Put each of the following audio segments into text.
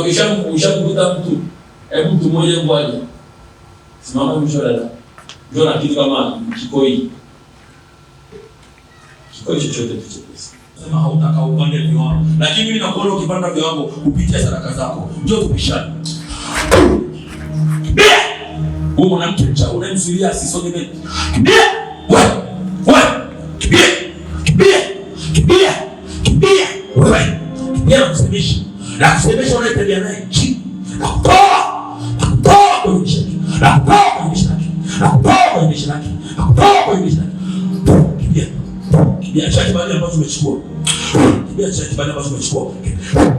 Ukishamkuta mtu hebu mtu mmoja mmoja simama mwisho dada, ndio na kitu kama kikoi kikoi chochote tu chepesi, sema hautaka upande viwango, lakini mimi nakuona ukipanda viwango kupitia sadaka zako, ndio tupishane. Wewe mwanamke mcha unamzuia asisonge mbele, kimbia wewe, wewe kimbia, kimbia, kimbia, kimbia wewe, kimbia na kusemesha na kusemesha unayetegea naye chini na kutoa na kutoa kwenye dirisha lake na kutoa kwenye dirisha lake na kutoa kwenye dirisha lake na kutoa kwenye dirisha lake. Kimbia kimbia cha kibali ambacho umechukua, kimbia cha kibali ambacho umechukua,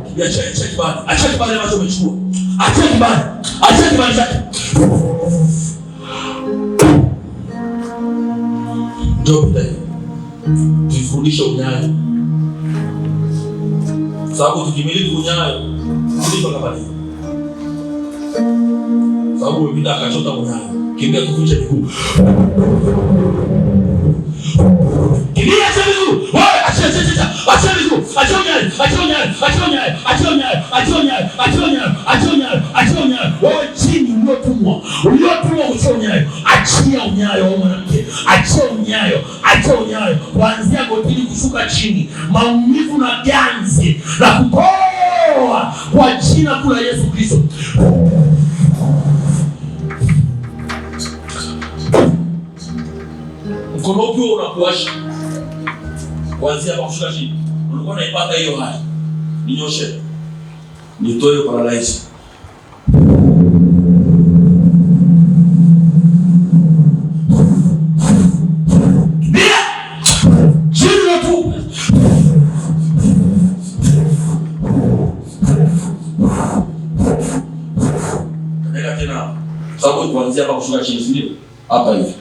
kimbia cha kibali, acha kibali ambacho umechukua, acha kibali, acha kibali chake. Ndio pita, jifundishe unyayo sababu tukimiliki unyayo kuliko kama hiyo, sababu wengine akachota unyayo, kimbia tukuche miguu, kimbia cha miguu achia unyayo wewe chini, uliotumwa uliotumwa kuchia unyayo, achia unyayo wewe kushuka chini, maumivu na ganzi na kupoa kwa jina kuu Yesu Kristo. Mkono upi unakuasha kuanzia hapa kushuka chini, ulikuwa unaipata hiyo hali. Ninyoshe nitoe paralyze tena, sababu kuanzia hapa kushuka chini, si ndio? hapa hivi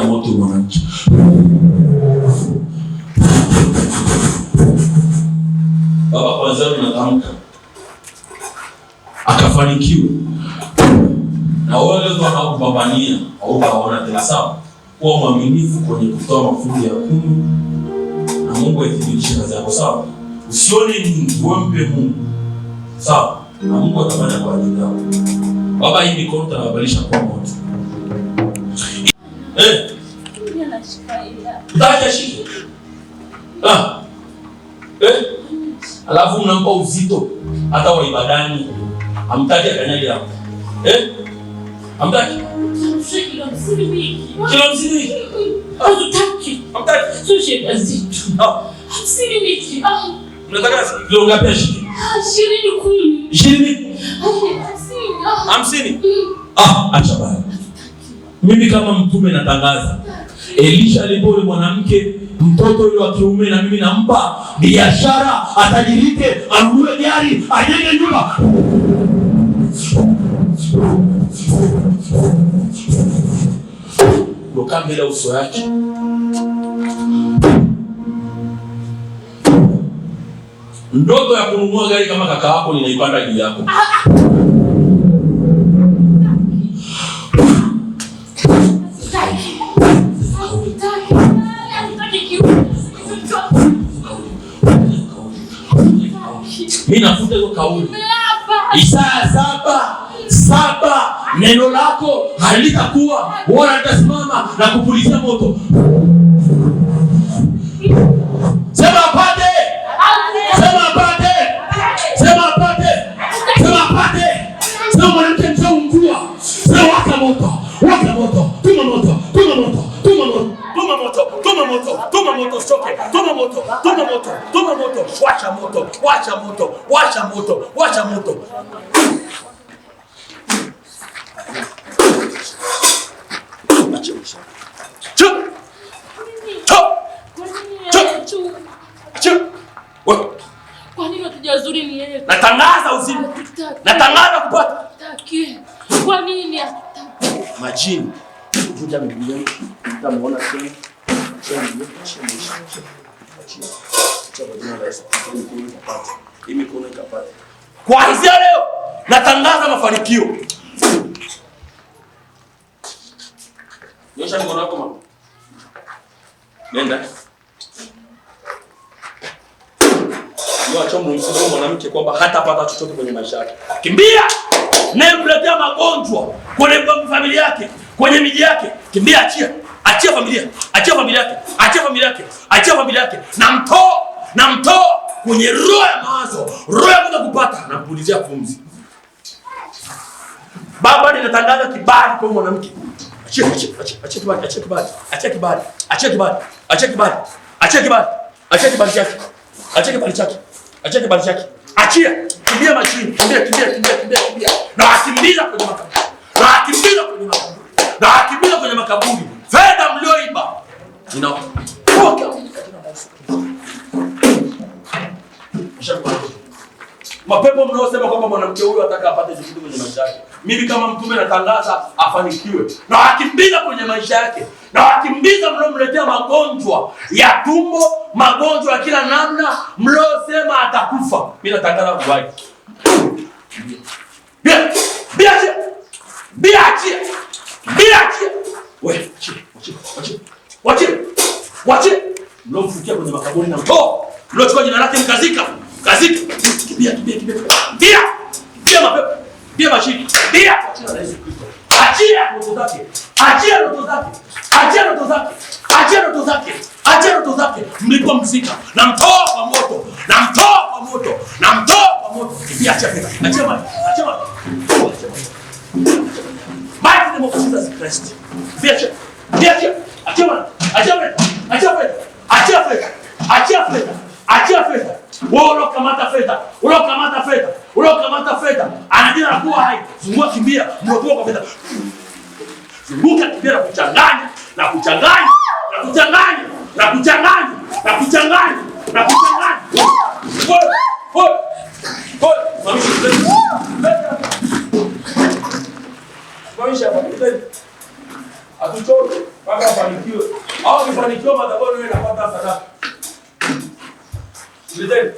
kutia moto mwananchi. Baba kwanza natamka akafanikiwa, na wale wanakupambania hautaona tena. Sawa, kuwa mwaminifu kwenye kutoa mafunzo ya kumi, na Mungu aithibitishe kazi yako. Sawa, usione nyingi, wewe Mungu. Sawa, na Mungu atafanya kwa ajili yako. Baba, hii mikono tunabadilisha kwa moto alafu mnampa uzito hata wa ibadani, amtaki akanyage hapo eh, amtaki kila msini wiki, kilo hamsini wiki, amtaki amtaki, sio shida zito, msini wiki. Ah, unataka kilo ngapi? ya ah, Ishirini, kumi, ishirini, hamsini. Ah. Mm. ah, acha bana, mimi kama mtume natangaza Elisha alipo yule mwanamke mtoto yule wa kiume, na mimi nampa biashara, atajirike, anunue gari, ajenge nyumba. Loka mbele uso yake ndoto ya kununua gari kama kaka yako ninaipanda juu yako. kauli. Isaya saba saba, neno lako halitakuwa wala litasimama na kupulizia moto moto, washa moto, washa moto. Natangaza uzima. Natangaza kupata. Kwa nini? Majini. Utamuona tena. kuanzia leo natangaza mafanikio. Nyosha mkono wako mama. Nenda. Mwacha mwanamke kwamba hatapata chochote kwenye maisha yake. Kimbia! Nemletea magonjwa kwenye familia yake, kwenye miji yake. Kimbia, achia. Achia familia. Achia familia yake. Achia familia yake. Achia familia yake. na mtoo, na mtoo kwenye roho ya mawazo, roho ya kuja kupata, nampulizia pumzi. Baba, ninatangaza kibali kwa mwanamke. Achia kibali, achia kibali, achia kibali, achia kibali, achia kibali, achia kibali, achia kibali, achia kibali chake, achia kibali chake, achia kibali chake, achia kimbia machini, kimbia, kimbia, kimbia, kimbia, kimbia, na akimbiza kwenye makaburi, na akimbiza kwenye makaburi, na akimbiza kwenye makaburi, fedha mlioiba, ninaona poka katika Yesu. Mapepo mnaosema kwamba mwanamke huyu ataka apate chochote kwenye maisha yake, mimi kama mtume natangaza afanikiwe na wakimbiza kwenye maisha yake na wakimbiza mliomletea magonjwa ya tumbo, magonjwa ya kila namna, mliosema atakufa, mimi natangaza kubai mlomfukia kwenye makaburi na mtoo, mliochukua jina lake mkazika Lazima kimbia Achia ndoto zake. Achia mzika. Namtoa kwa moto. Namtoa kwa moto. Namtoa kwa moto. achia pesa. Achia mali. Achia mali. Mighty name of Jesus Christ. achia. achia. Achia mali. Achia mali. Achia wewe uliokamata fedha, uliokamata fedha, uliokamata fedha, anajua anakuwa hai. Zungua, kimbia, mropoa kwa fedha, zunguka, kimbia na kuchanganya na kuchanganya na kuchanganya na kuchanganya na kuchanganya na kuchanganya. Wewe wewe wewe atuchoke mpaka afanikiwe au kifanikiwa madhabahuni, wewe unapata sadaka Sikilizeni.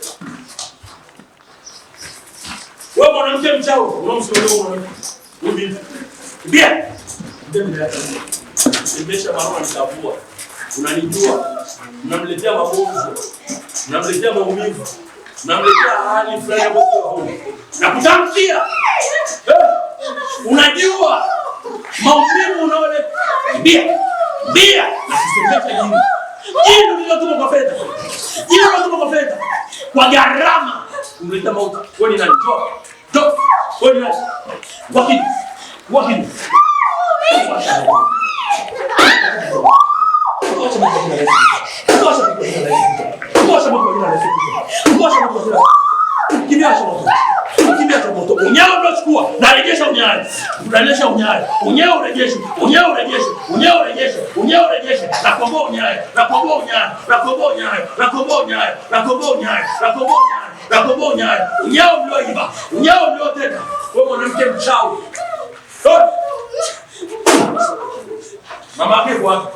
Wewe mwanamke mchao, unamsubiri wewe mwanamke. Wewe binti. Bia. Nimesha barua nitavua. Unanijua. namletea mabovu. namletea maumivu. namletea hali fulani hapo. Nakutamkia. Eh. Unajua maumivu unaoleta. Bia. Bia. Nakusemesha hivi. Jina lililotuma profeta, jina lililotuma profeta kwa gharama kumleta mauti. Wewe ni nani? Njoo. Njoo. Wewe ni nani? Wakini. Wakini. Kimbia cha moto. Kimbia cha moto. Kimbia cha moto. unyayo unachukua na rejesha unarejesha unyayo, unyayo urejeshe, unyayo urejeshe, unyayo urejeshe, unyayo urejeshe, na kuomba unyayo, na kuomba unyayo, na kuomba unyayo, na kuomba unyayo, na kuomba unyayo, na kuomba unyayo, wewe, mwanamke mchawi, mama yake kwa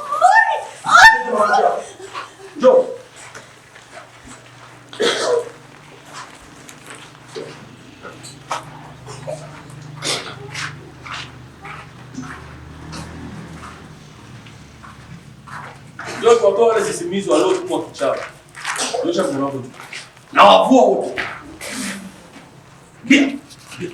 Njoo. kwa wale sisimizi waliotumwa kichawi. Nyosha mkono wako juu. Na wavua wote. Bia. Bia.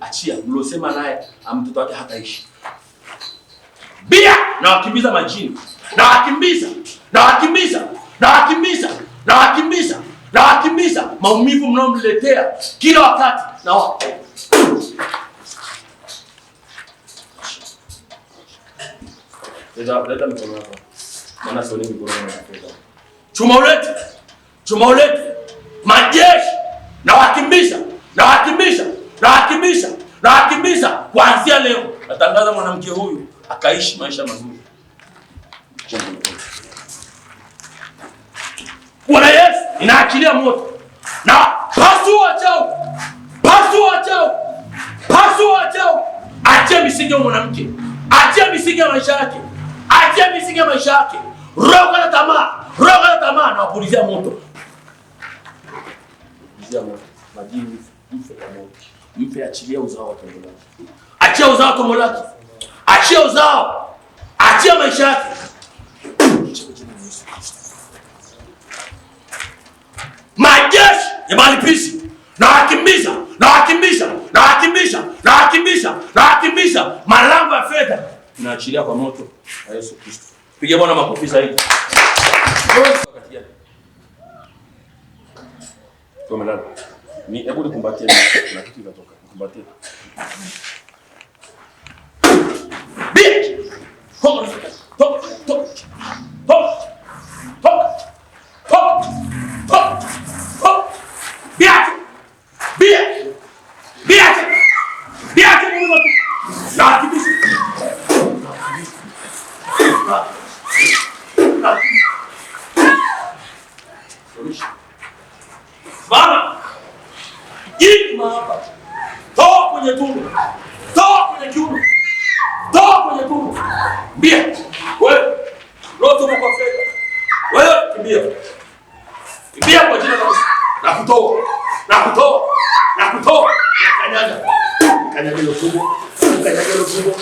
Achia mlosema naye ah, mtoto wake hataishi. Bia majini. maumivu mnaomletea kila wakati Leta leta mikono yako. Maana sio nini mikono Chuma ulete. Chuma ulete. Majeshi na wakimbisha, na wakimbisha, na wakimbisha, na wakimbisha kuanzia leo. Natangaza mwanamke huyu akaishi maisha mazuri. Bwana Yesu, inaachilia moto. Na pasua chao. Pasua chao. Pasua chao. Achia misingi ya mwanamke. Achia misingi ya maisha yake. Achia misingi ya maisha yake. Roho na tamaa, roho na tamaa na wapulizia moto. Pulizia moto. Majini mfe kwa moto. Mpe achilia uzao wa tumbo lake. Achia uzao wa tumbo lake. Achia uzao. Achia maisha yake. Majeshi ya malipizi na wakimbiza, na wakimbiza, na wakimbiza, na wakimbiza, na wakimbiza malango ya fedha tunaachilia kwa moto wa Yesu Kristo. Pigia Bwana makofi zaidi. Ni hebu nikumbatie na kitu kinatoka. Nikumbatie. Bitch. Toka, toka, toka. kwenye tumbo, toa kwenye kiuno, toa kwenye tumbo, mbia wewe, roho kwa fedha wewe, kimbia, kimbia kwa jina la Yesu, na kutoa na kutoa na kutoa na kanyaga, kanyaga ile tumbo, kanyaga ile tumbo,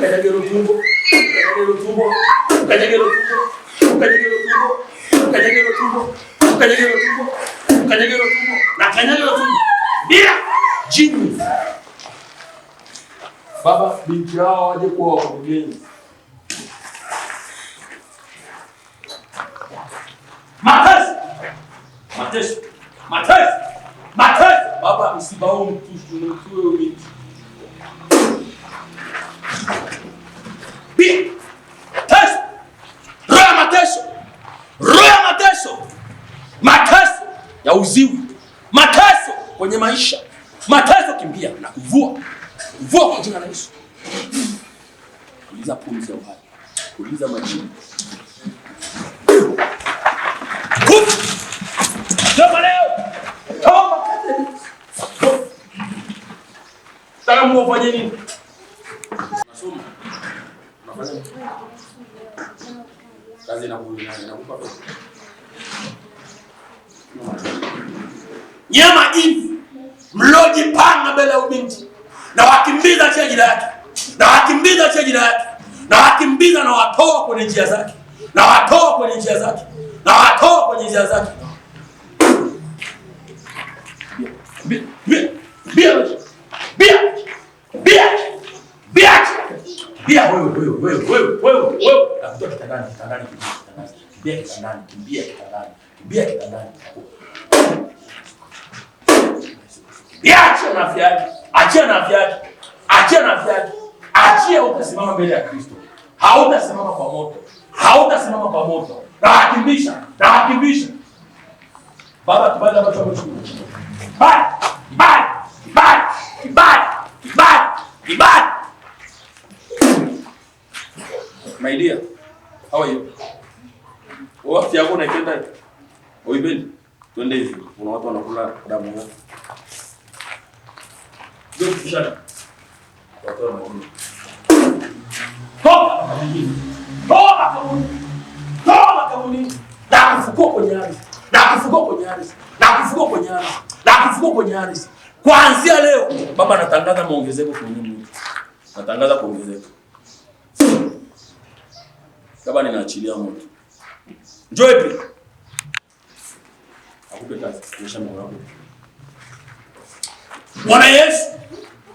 kanyaga ile tumbo, kanyaga ile tumbo, kanyaga ile tumbo, kanyaga ile tumbo, kanyaga ile tumbo, kanyaga ile tumbo baba, binti hao waje kuwa wakurugenzi. Mateso, mateso, mateso, mateso. Baba, msibao mtu huyo binti ya uziwi, mateso kwenye maisha, mateso kimbia na kuvua Vua kwa jina la Yesu. Uliza pumzi ya uhai. Uliza majini. Toma leo. Toma. nini? Nasoma. pesa. Nyama hivi. Mloji panga mbele ya ubinti na wakimbiza chia jina yake na wakimbiza chia jina yake na wakimbiza na watoa kwenye njia zake na watoa kwenye njia zake na watoa kwenye njia zake Biache mafia yake. Achia na afya achia na afya yake, achia. Utasimama mbele ya Kristo, hautasimama kwa moto, hautasimama kwa moto. Nawakimbisha, nawakimbisha Baba, tubali ambacho amechukua bali bali bali bali bali bali. My dear, how are you? Wakati yako unaipenda, Oibeli, tuende hivi, kuna watu wanakula damu yako kwenye Kuanzia leo Baba, natangaza maongezeko kwenye mwili. Natangaza kuongezeka. Baba, ninaachilia moto. Njoo hapa. Akupe kazi. Kuosha mikono Bwana Yesu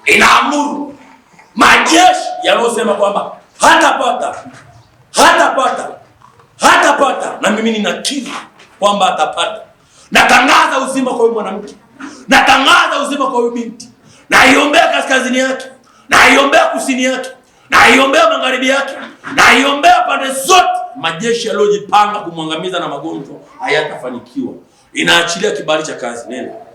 inaamuru majeshi yanayosema kwamba hatapata hatapata hatapata, na mimi ninakiri kwamba atapata. Natangaza uzima kwa huyu mwanamke, natangaza uzima kwa huyu binti, naiombea kaskazini yake, naiombea kusini yake, naiombea magharibi yake, naiombea pande zote. Majeshi yaliyojipanga kumwangamiza na magonjwa hayatafanikiwa. Inaachilia kibali cha kazi, nenda